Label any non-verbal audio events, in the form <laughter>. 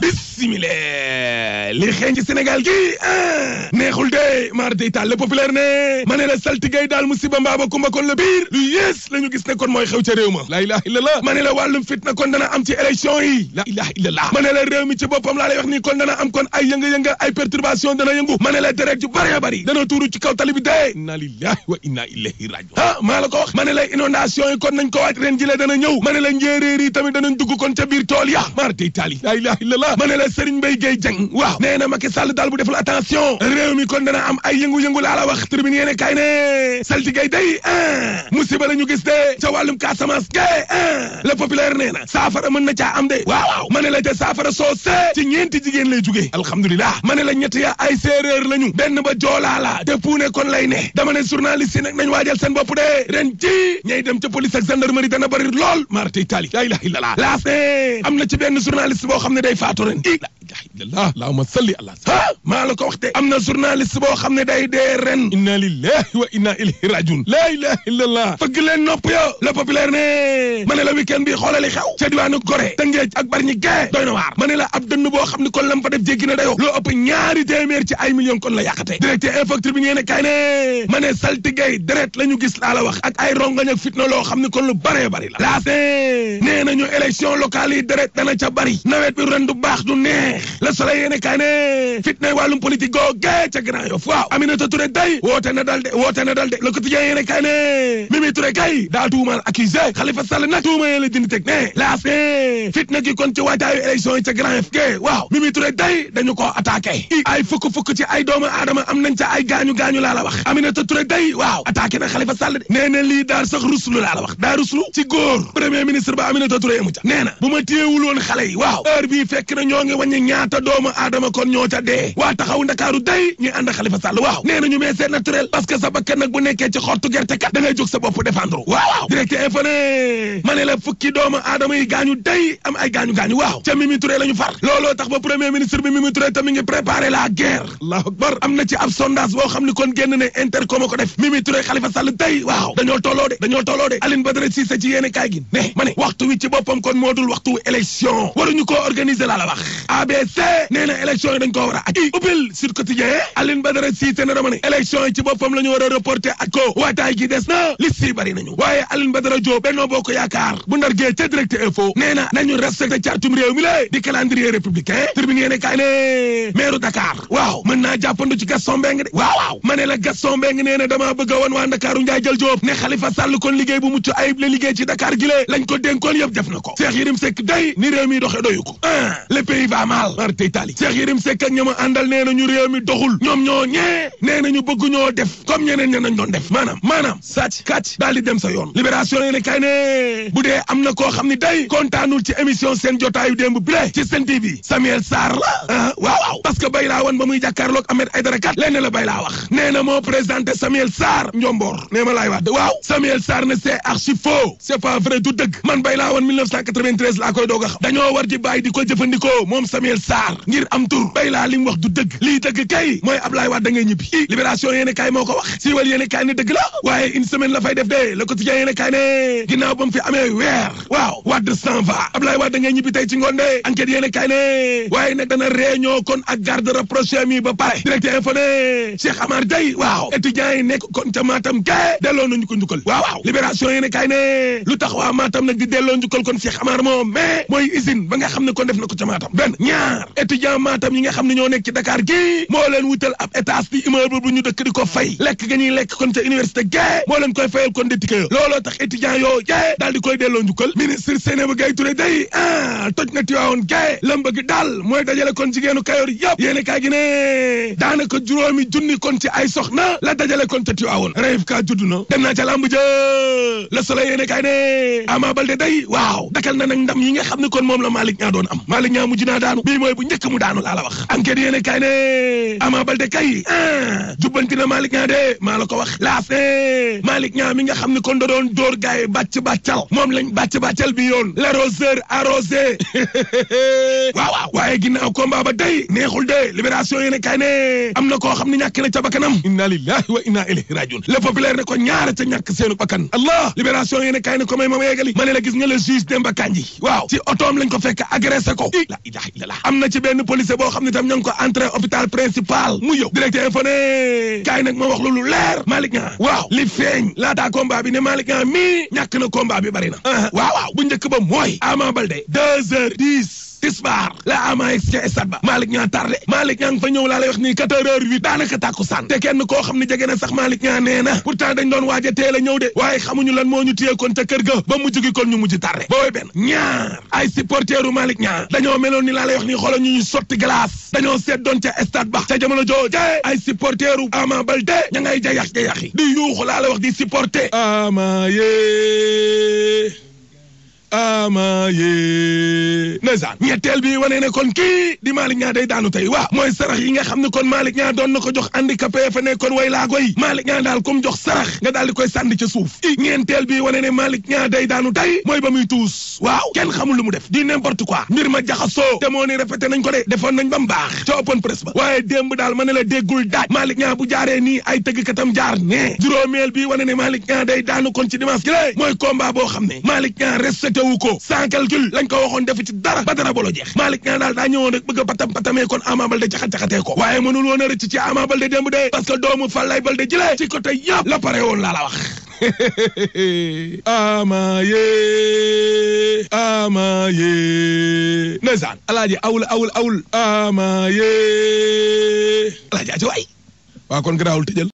bismillah li xeeñ ci Sénégal gi ah neexul de mar day taal le populaire ne ma ne la saltigay daal musiba mbaaba kumba kon la biir lu yées la ñu gis kon mooy xew ca réew ma la ilaha illallah ma ne la wàllum fitna kon dana am ci élection yi la ilaha illallah la réew mi ci boppam laa lay wax kon dana am kon ay yënga-yënga ay perturbation dana yëngu ma la deret ju bari bari dana tuuru ci kaw tali bi dee inna lillahi wa inna ilayhi rajiun ah maa la ko wax ma ne la inondation yi kon nañ ko waaj ren ji le dana ñëw ma la njéeréer yi tamit danañ dugg kon ca biir tool ya mar ba ma ne la Serigne Mbaye Gueye Dieng waaw nee na Macky Sall bu deful attention réew mi kon dana am ay yëngu-yëngu laa la wax tribune yéene kay ne day a musiba la ñu gis de ca wàllum Casamance ga a le populaire nee na na caa am de waaw ma ne la te saafara soose ci ti jigéen lay jugee alhamdulilah ma la ñett ya ay séeréer la ñu benn ba joolaa la te kon lay ne dama ne journaliste yi nag nañ waajal seen bopp de ren ji ñay dem ca police ak boo xam ne day faat ɔtɔre ilaha illallah allahumma salli ala ah maa la ko wax de am na journaliste boo xam ne day dee ren inna lillahi wa inna ilayhi rajiun laa ilaha illallah fëgg leen nopp yo le populaire ne ma ne la week-end bi xoolali xew ca diwaanu Gorée Tëngéej ak bari ñi gee doy na waar ma ne la ab dënn boo xam ne kon lam fa def jéggi na dayoo loo ëpp ñaari ci ay millions kon la yàqate directeur infacture bi ngeen ne kay ne ma deret la ñu gis laa wax ak ay rongañ ak fitna loo xam ne kon lu baree bari la laas nee nañu élection locale yi deret na ca bari nawet bi ren du baax du neex neex le soleil yéene kaay ne fitna wàllum politique googe ca Grand Yoff waaw Aminata Touré day woote na dal de woote na dal de le quotidien yéene kaay ne Mimi Touré kay daa tuumaal accusé Khalifa Sall nag tuuma yee la dindi teg ne laas ne fitna gi kon ci waajaayu élection yi ca Grand Yoff ge waaw Mimi Touré day dañu ko attaqué ay fukk-fukk ci ay doomu aadama am nañ ay gaañu-gaañu laa la wax Aminata day waaw attaqué na Khalifa Sall de nee lii daar sax ruslu laa la wax daa ruslu ci góor premier ministre ba Aminata Touré amu ca nee na bu ma téyewul woon xale yi waaw heure bii ñaata doomu aadama kon ñoo ca dee waa taxaw ndakaaru day ñuy ànd Xalifa Sall waaw nee nañu mais c'est naturel parce que sa bakkan nag bu nekkee ci xottu gerte kat da jóg sa bopp défendre waaw direct info ma ne la fukki doomu aadama yi gaañu day am ay gaañu-gaañu waaw ca Mimi Touré la far looloo tax ba premier ministre bi Mimi Touré tamit ngi préparer la guerre allahu akbar am na ci ab sondage boo xam ni kon génn ne intercom a ko def Mimi Touré Xalifa Sall day waaw dañoo tolloo de dañoo tolloo de Aline la PDC nee na élection yi dañ ko war a aj ubbil sur quotidien Aline Badara Cissé na dama ne yi ci boppam la ñu war ak ko waataay gi des na liste yi bari nañu waaye Aline Badara Diop Benno Bokk Yaakaar bu ndar gee ca direct info nee nañu respecté cartum réew mi la di calendrier républicain tribune yéene kaay ne waaw mën naa jàppandu ci Gaston Mbengue de waaw waaw la Gaston Mbengue nee damaa bëgg wan waa Ndakaaru njaay jël taal marte itali Cheikh Yérim Seck ak ñama àndal nee nañu réew mi doxul ñoom ñoo ñee nee nañu bëgg ñoo def comme ñeneen ña nañ def maanaam maanaam sàcc kàcc daal di dem sa yoon libération yéene kay ne bu dee am na koo xam ne day kontaanul ci émission seen jotaayu démb bile ci seen TV Samuel Sarr la ah waaw parce que bay laa woon ba muy jàkkaarloog Ahmed Aïdara kat lenn la bay laa wax nee na moo présenté Samuel Sarr njomboor nee ma laay wax waaw Samuel Sarr ne a xam dañoo war di Adji Sarr ngir am tur bay laa li mu wax du dëgg lii dëgg kay mooy Ablaye Wade da ngay ñibbi i libération yéene kaay moo ko wax siiwal yéene kaay ne dëgg la waaye une semaine la fay def dee le quotidien yéene kaay ne ginnaaw ba fi amee weer waaw Wade s'en va Ablaye Wade da ngay ñibbi tey ci ngoon de enquête yéene kaay ne waaye nag dana réunion kon a garde rapproché mi ba pare direct info ne Cheikh yi nekk kon ca Matam kay delloo nañu ko njukkal waaw waaw libération yéene kaay ne lu tax waa Matam nag di delloo njukkal kon Cheikh Amar moom mais mooy usine ba nga xam ne kon def na ko ca Matam benn Dakar étudiant Matam yi nga xamni ñoo nekk ci Dakar gi mo leen wutal ab étage bi immeuble bu ñu dëkk di ko fay lek ga ñuy lek kon ci université ga mo leen koy fayal kon di tikke lolo tax étudiant yo jee dal di koy delloo ñukal ministre Seynabou gay Touré day ah toj na tiwaawoon gaye lam gi dal moy dajale kon gënu kayor yëpp yene ka gi ne daanaka juroomi junni kon ci ay soxna la dajale kon ci tiwaawoon rêve ka judd dem na ci lamb je le soleil yene ka ne Ama balde day waaw dakal na nak ndam yi nga xamni kon mom la malik Niang doon am malik Niang mujina daanu bi bii mooy bu njëkk mu daanu laa la wax enquête yéene kay ne Ama Baldé kay ah jubbanti na Malick de maa la ko wax laas ne Malick Niang mi nga xam ne kon da doon dóor gars yi bàcc bàccal moom lañ bàcc bàccal bi yoon l'arroseur arrosé <laughs> waaw waaw waaye ginnaaw combat ba day neexul de libération yéene kay am na koo xam ne ñàkk na inna lillahi wa inna ilayhi rajiun le populaire ne ko ñaara ca ñàkk seenu bakkan allah libération yéene kay ne ko may moom yeegali ma ne la gis nga le juge ko fekk agressé ko la ilaha la am na ci benn policier boo xam ne tam ña ngi ko entrée hôpital principal mu yow directeur info ne kaay nag ma wax lu leer Malick Niang waaw li feeñ laataa combat bi ne Malick Niang mii ñàkk na combat bi bari na uh-huh. waaw waaw bu njëkk ba mooy Ama Baldé deux heures tisbaar la amax ca stade ba Malick ñaa tardé Malick ñaa ngi fa ñëw laa lay wax nii quatre heures huit daanaka te kenn koo xam ne jege na sax Malick ñaa nee na pourtant dañ doon waaj a a ñëw de waaye xamuñu lan moo ñu téye kon ca kër ga ba mujj gi kon ñu mujj tardé booy benn ñaar ay supporteru Malick ñaa dañoo meloon ni laa lay wax nii ñu sotti glace dañoo seet doon ca stade ba ca jamono jooje ay supporteru Ama Baldé ña ngay jayax jayaxi di amaye ndeysaan ñetteel bi wane ne kon kii di Malick Niang day daanu tey waaw mooy sarax yi nga xam ne kon Malick Niang doon na ko jox handicapé fa nekkoon way laa koy Malick Niang daal comme jox sarax nga daal di koy sànni ca suuf i bi wane ne Malick Niang day daanu tey mooy ba muy tuus waaw kenn xamul lu mu def di n'importe quoi mbir ma jaxasoo te moo ni répété nañ ko de defoon nañ ba mu baax ca open press ba waaye démb daal ma ne la déggul daaj Malick Niang bu jaaree nii wu ko sans calcul lañ ko waxoon defu ci dara ba dara bolo jeex Malick nee daal daa ñëwoon rek bëgg a patam patamee kon Ama Baldé jaxat-jaxatee ko waaye mënul woon a rëcc ci Ama Baldé démb de parce que doomu Falaye Baldé jëlee ci côté yëpp la pare woon laa la wax <laughs> ama ye ama ye ndeysaan alaaji awul awul awul ama ye alaaji aji waay waa kon garaawul tëjal